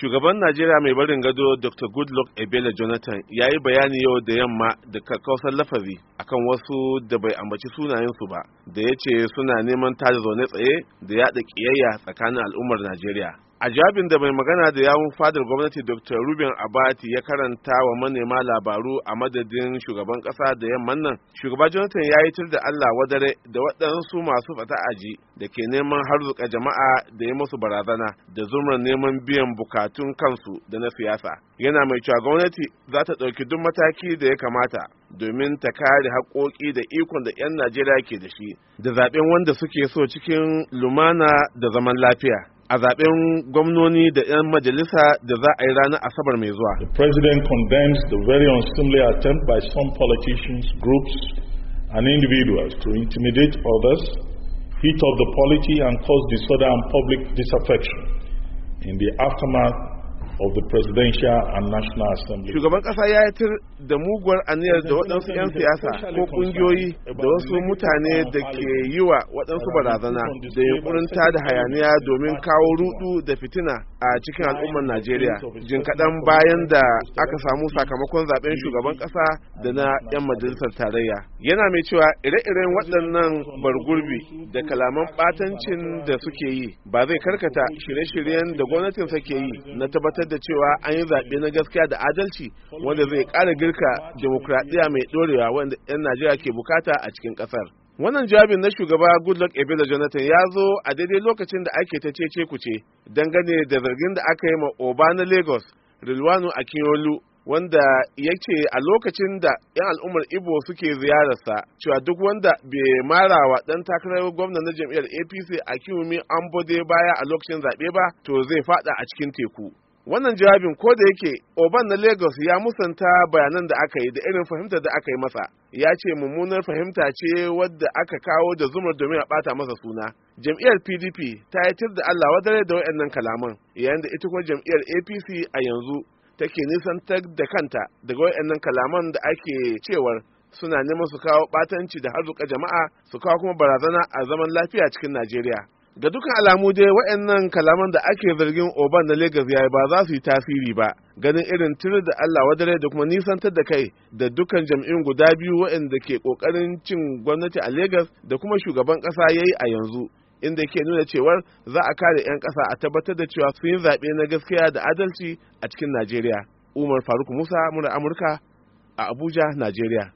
shugaban najeriya mai barin gado dr goodluck ebele jonathan ya yi bayani yau da yamma da kakkausar lafazi akan wasu da bai ambaci sunayensu ba da ya ce suna neman tada zaune tsaye da yaɗa kiyayya tsakanin al'ummar najeriya a jabin da mai magana da yawun fadar gwamnati dr ruben abati ya karanta wa manema labaru a madadin shugaban kasa da yamman nan shugaba jonathan ya yi tur da allah wadare da waɗansu masu fata aji da ke neman harzuka jama'a da ya masu barazana da zumar neman biyan bukatun kansu da na siyasa yana mai cewa gwamnati za ta ɗauki duk mataki da ya kamata domin ta kare haƙoƙi da ikon da 'yan najeriya ke da shi da zaɓen wanda suke so cikin lumana da zaman lafiya a zaben gwamnoni da 'yan majalisa da za a yi ranar Asabar mai zuwa. The president condemns the very unseemly attempt by some politicians, groups and individuals to intimidate others, heat up the polity and cause disorder and public disaffection in the aftermath of the presidential and national assembly. Shugaban kasa ya yi da muguwar aniyar da waɗansu 'yan siyasa ko ƙungiyoyi da wasu mutane da ke yi wa waɗansu barazana da yunkurin da hayaniya domin kawo rudu da fitina a cikin al'ummar Najeriya. Jin kaɗan bayan da aka samu sakamakon zaben shugaban ƙasa da na 'yan majalisar tarayya. Yana mai cewa ire-iren waɗannan bargurbi da kalaman ɓatancin da suke yi ba zai karkata shirye-shiryen da gwamnatin ke yi na tabbatar tabbatar da cewa an yi zaɓe na gaskiya da adalci wanda zai ƙara girka demokuraɗiyya mai ɗorewa wanda 'yan Najeriya ke bukata a cikin ƙasar. Wannan jawabin na shugaba Goodluck Ebele Jonathan ya zo a daidai lokacin da ake ta cece kuce dangane da zargin da aka yi ma Oba na Lagos, Rilwanu Akinyolu, wanda ya ce a lokacin da 'yan al'ummar Igbo suke ziyararsa cewa duk wanda bai mara wa ɗan takarar gwamna na jam'iyyar APC a kiwumi an bude baya a lokacin zaɓe ba to zai faɗa a cikin teku. wannan jawabin ko da yake oban na lagos ya musanta bayanan da aka yi da irin fahimtar da aka yi masa ya ce mummunar fahimta ce wadda aka kawo da zumar domin a bata masa suna jam'iyyar pdp ta yi tir da allah wadare da wa'annan kalaman yayin da ita kuma jam'iyyar apc a yanzu take nisantar da kanta daga waɗannan kalaman da ake cewar suna neman su kawo batanci da harzuka jama'a su kawo kuma barazana a zaman lafiya cikin najeriya ga dukkan alamu dai waɗannan kalaman da ake zargin oban na Legas yayi ba za su yi tasiri ba ganin irin tunar da Allah wadare da kuma nisantar da kai da dukkan jam'in guda biyu wa'anda ke kokarin cin gwamnati a Legas da kuma shugaban ƙasa yayi a yanzu inda ke nuna cewar za a kare 'yan ƙasa a tabbatar da cewa sun yi zaɓe na gaskiya da adalci a cikin Najeriya. Umar Faruk Musa, Mura Amurka, a Abuja, Najeriya.